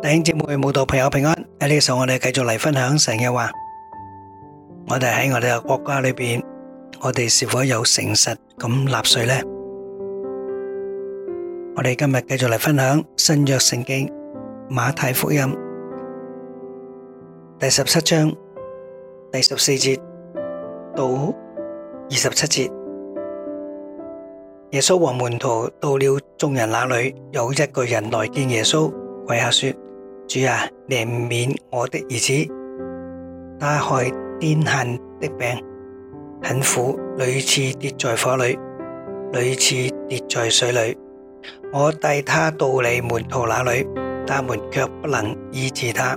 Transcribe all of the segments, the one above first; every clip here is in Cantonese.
弟兄姊妹、舞蹈朋友平安！喺呢個時候，我哋繼續嚟分享神嘅話。我哋喺我哋嘅國家裏邊，我哋是否有誠實咁納稅呢？我哋今日繼續嚟分享新約聖經馬太福音第十七章第十四節到二十七節。耶穌和門徒到了眾人那裏，有一個人來見耶穌，跪下說。主啊，憐憫我的兒子，他害癲癇的病很苦，屢次跌在火裏，屢次跌在水裏。我帶他到你門徒那裏，他們卻不能醫治他。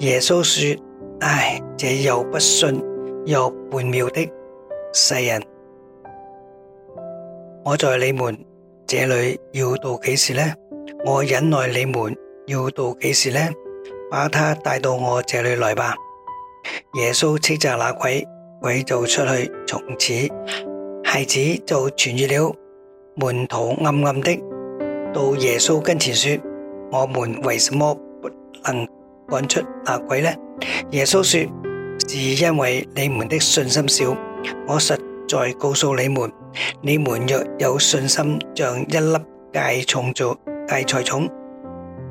耶穌說：唉，這又不信又悖謬的世人，我在你們這裏要到幾時呢？我忍耐你們要到幾時呢？把他帶到我這裏來吧。耶穌斥責那鬼，鬼就出去從此，從此孩子就痊愈了。門徒暗暗的到耶穌跟前說：我們為什麼不能趕出那鬼呢？耶穌說：是因為你們的信心少。我實在告訴你們，你們若有信心像一粒芥菜種。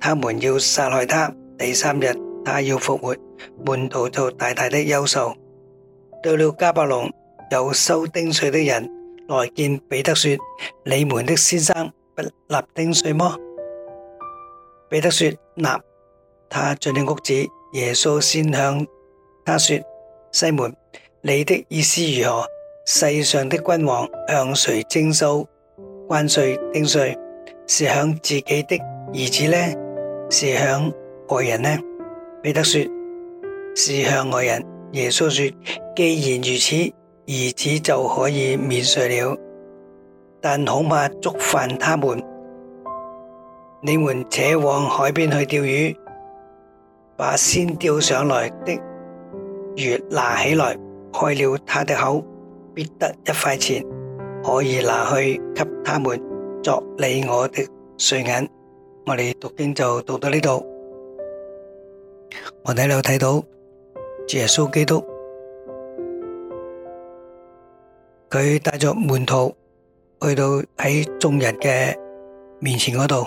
他們要殺害他。第三日，他要復活，門徒就大大地憂愁。到了加伯農，有收丁稅的人來見彼得說：你們的先生不納丁稅嗎？彼得說：納。他進了屋子，耶穌先向他說：西門，你的意思如何？世上的君王向誰徵收關稅丁稅，是向自己的？兒子呢？是向外人呢？彼得說：是向外人。耶穌說：既然如此，兒子就可以免稅了。但恐怕觸犯他們，你們且往海邊去釣魚，把先釣上來的魚拿起來，開了他的口，必得一塊錢，可以拿去給他們作你我的稅銀。我哋讀經就讀到呢度，我睇你有睇到耶穌基督，佢帶住門徒去到喺眾人嘅面前嗰度，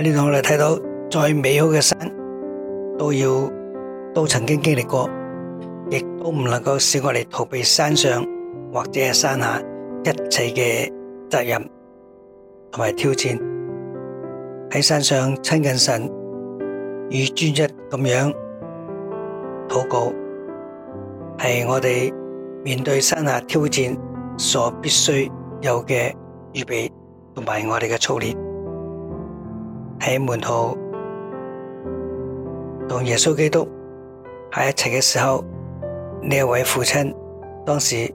你同我哋睇到再美好嘅山都要都曾經經歷過。亦都唔能夠使我哋逃避山上或者山下一切嘅責任同埋挑戰，喺山上親近神與專一咁樣禱告，係我哋面對山下挑戰所必須有嘅預備同埋我哋嘅操練。喺門徒同耶穌基督喺一齊嘅時候。呢位父親，當時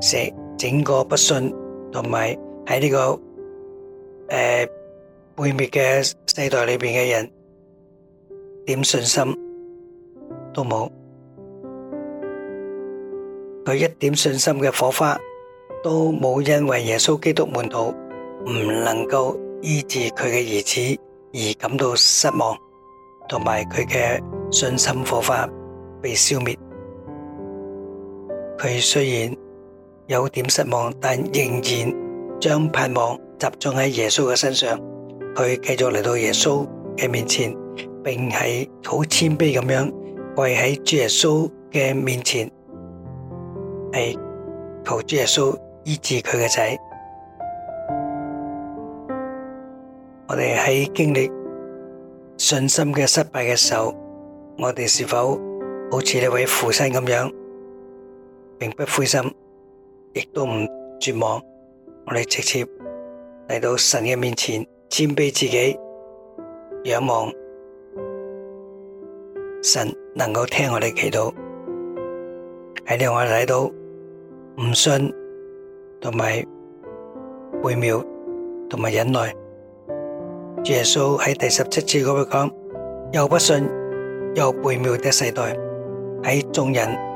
成整個不信同埋喺呢個誒、呃，悖謬嘅世代裏面嘅人，點信心都冇，佢一點信心嘅火花都冇，因為耶穌基督門徒唔能夠醫治佢嘅兒子而感到失望，同埋佢嘅信心火花被消滅。佢雖然有點失望，但仍然將盼望集中喺耶穌嘅身上。佢繼續嚟到耶穌嘅面前，並係好謙卑咁樣跪喺耶穌嘅面前，係求耶穌醫治佢嘅仔。我哋喺經歷信心嘅失敗嘅時候，我哋是否好似呢位父親咁樣？並不灰心，亦都唔絕望，我哋直接嚟到神嘅面前，謙卑自己，仰望神能夠聽我哋祈禱，喺呢度我哋睇到唔信同埋悖謬同埋忍耐。耶穌喺第十七節嗰度講：又不信又悖謬嘅世代喺眾人。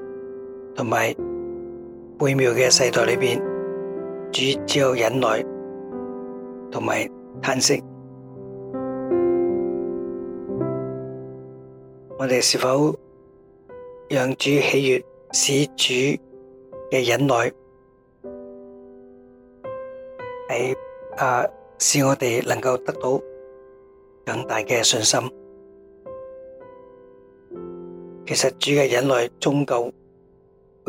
同埋背叛嘅世代裏邊，主只有忍耐同埋嘆息。我哋是否讓主喜悅，使主嘅忍耐喺誒，使我哋能夠得到更大嘅信心？其實主嘅忍耐終究。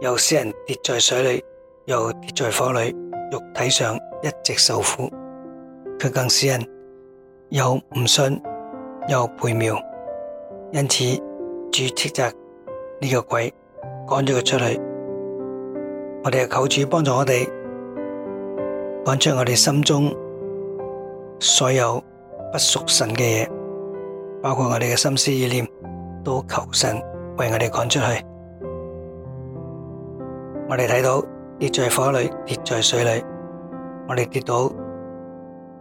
又使人跌在水裏，又跌在火裏，肉體上一直受苦，卻更使人又唔信又悖謬。因此主斥責呢個鬼，趕咗佢出去。我哋求主幫助我哋趕出我哋心中所有不屬神嘅嘢，包括我哋嘅心思意念，都求神為我哋趕出去。我哋睇到跌在火裏，跌在水裏，我哋跌到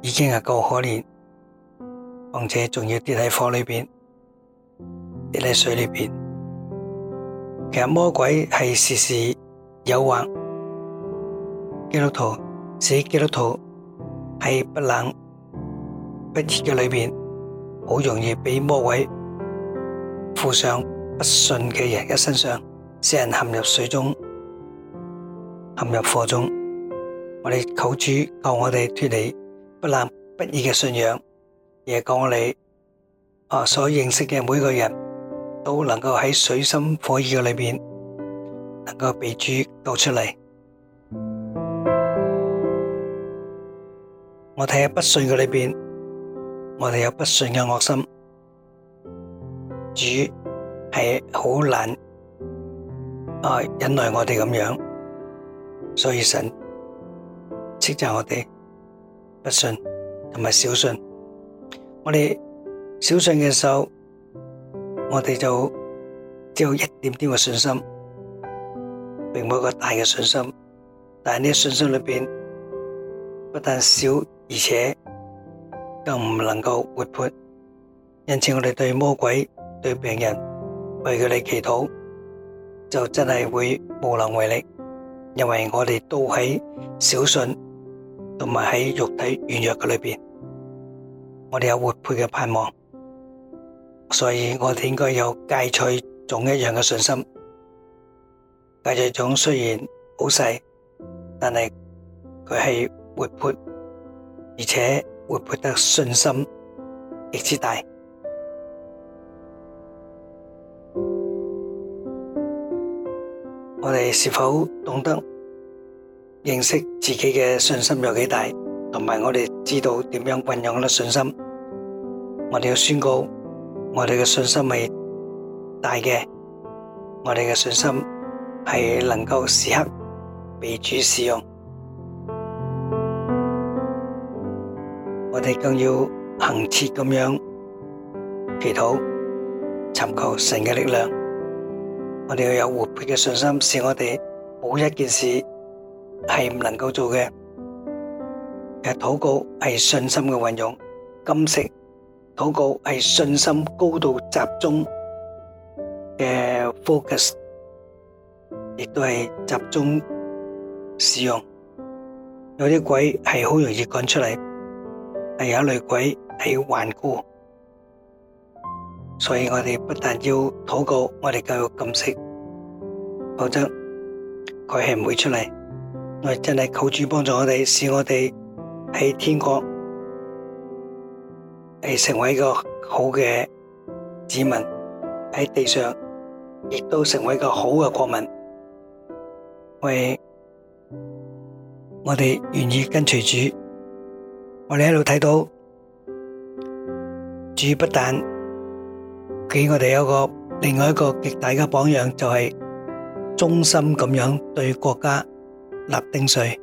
已經係夠可憐，況且仲要跌喺火裏邊，跌喺水裏邊。其實魔鬼係時時誘惑基督徒，使基督徒喺不冷不熱嘅裏面，好容易俾魔鬼附上不信嘅人嘅身上，使人陷入水中。陷入火中，我哋求主救我哋脫離不難不義嘅信仰，也救我哋啊所認識嘅每個人都能夠喺水深火熱嘅裏邊，能夠被主救出嚟。我哋喺不信嘅裏邊，我哋有不信嘅惡心，主係好難啊忍耐我哋咁樣。所以神斥責我哋不信同埋小信，我哋小信嘅時候，我哋就只有一點點嘅信心，並冇一個大嘅信心。但係呢個信心裏邊不但小，而且更唔能夠活潑，因此我哋對魔鬼、對病人為佢哋祈禱，就真係會無能為力。因為我哋都喺小信，同埋喺肉體軟弱嘅裏面，我哋有活潑嘅盼望，所以我哋應該有芥菜種一樣嘅信心。芥菜種雖然好細，但係佢係活潑，而且活潑得信心極之大。我哋是否懂得認識自己嘅信心有幾大，同埋我哋知道點樣運用呢個信心？我哋要宣告，我哋嘅信心係大嘅，我哋嘅信心係能夠時刻被主使用。我哋更要恒切咁樣祈禱，尋求神嘅力量。我哋要有活潑嘅信心，使我哋冇一件事係唔能夠做嘅。其實禱告係信心嘅運用，金色禱告係信心高度集中嘅 focus，亦都係集中使用。有啲鬼係好容易趕出嚟，但有一類鬼係頑固。所以我哋不但要禱告，我哋教育禁食，否則佢係唔會出嚟。我真係求主幫助我哋，使我哋喺天國成為一個好嘅子民，喺地上亦都成為一個好嘅國民。喂，我哋願意跟隨主。我哋喺度睇到主不但俾我哋有一個另外一個極大嘅榜樣，就係忠心咁樣對國家納丁稅。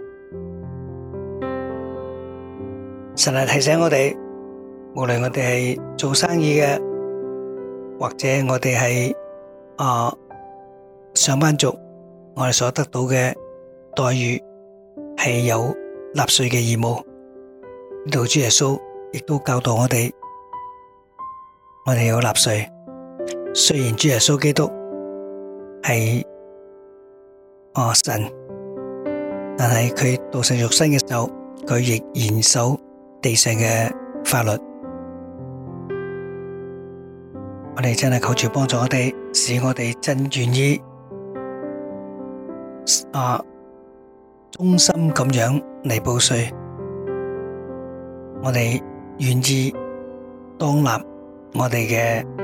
神係提醒我哋，無論我哋係做生意嘅，或者我哋係啊上班族，我哋所得到嘅待遇係有納稅嘅義務。呢度主耶穌亦都教導我哋，我哋有納稅。雖然主耶穌基督係啊神，但係佢道成肉身嘅時候，佢亦遵守地上嘅法律。我哋真係求住幫助我哋，使我哋真願意啊忠心咁樣嚟報稅。我哋願意當立我哋嘅。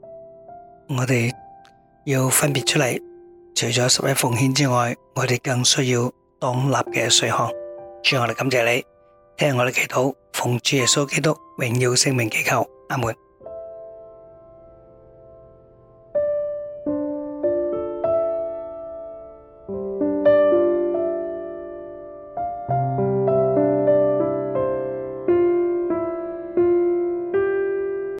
我哋要分別出嚟，除咗十一奉獻之外，我哋更需要當立嘅稅項。主，我哋感謝你，聽我哋祈禱，奉主耶穌基督榮耀聖名祈求，阿門。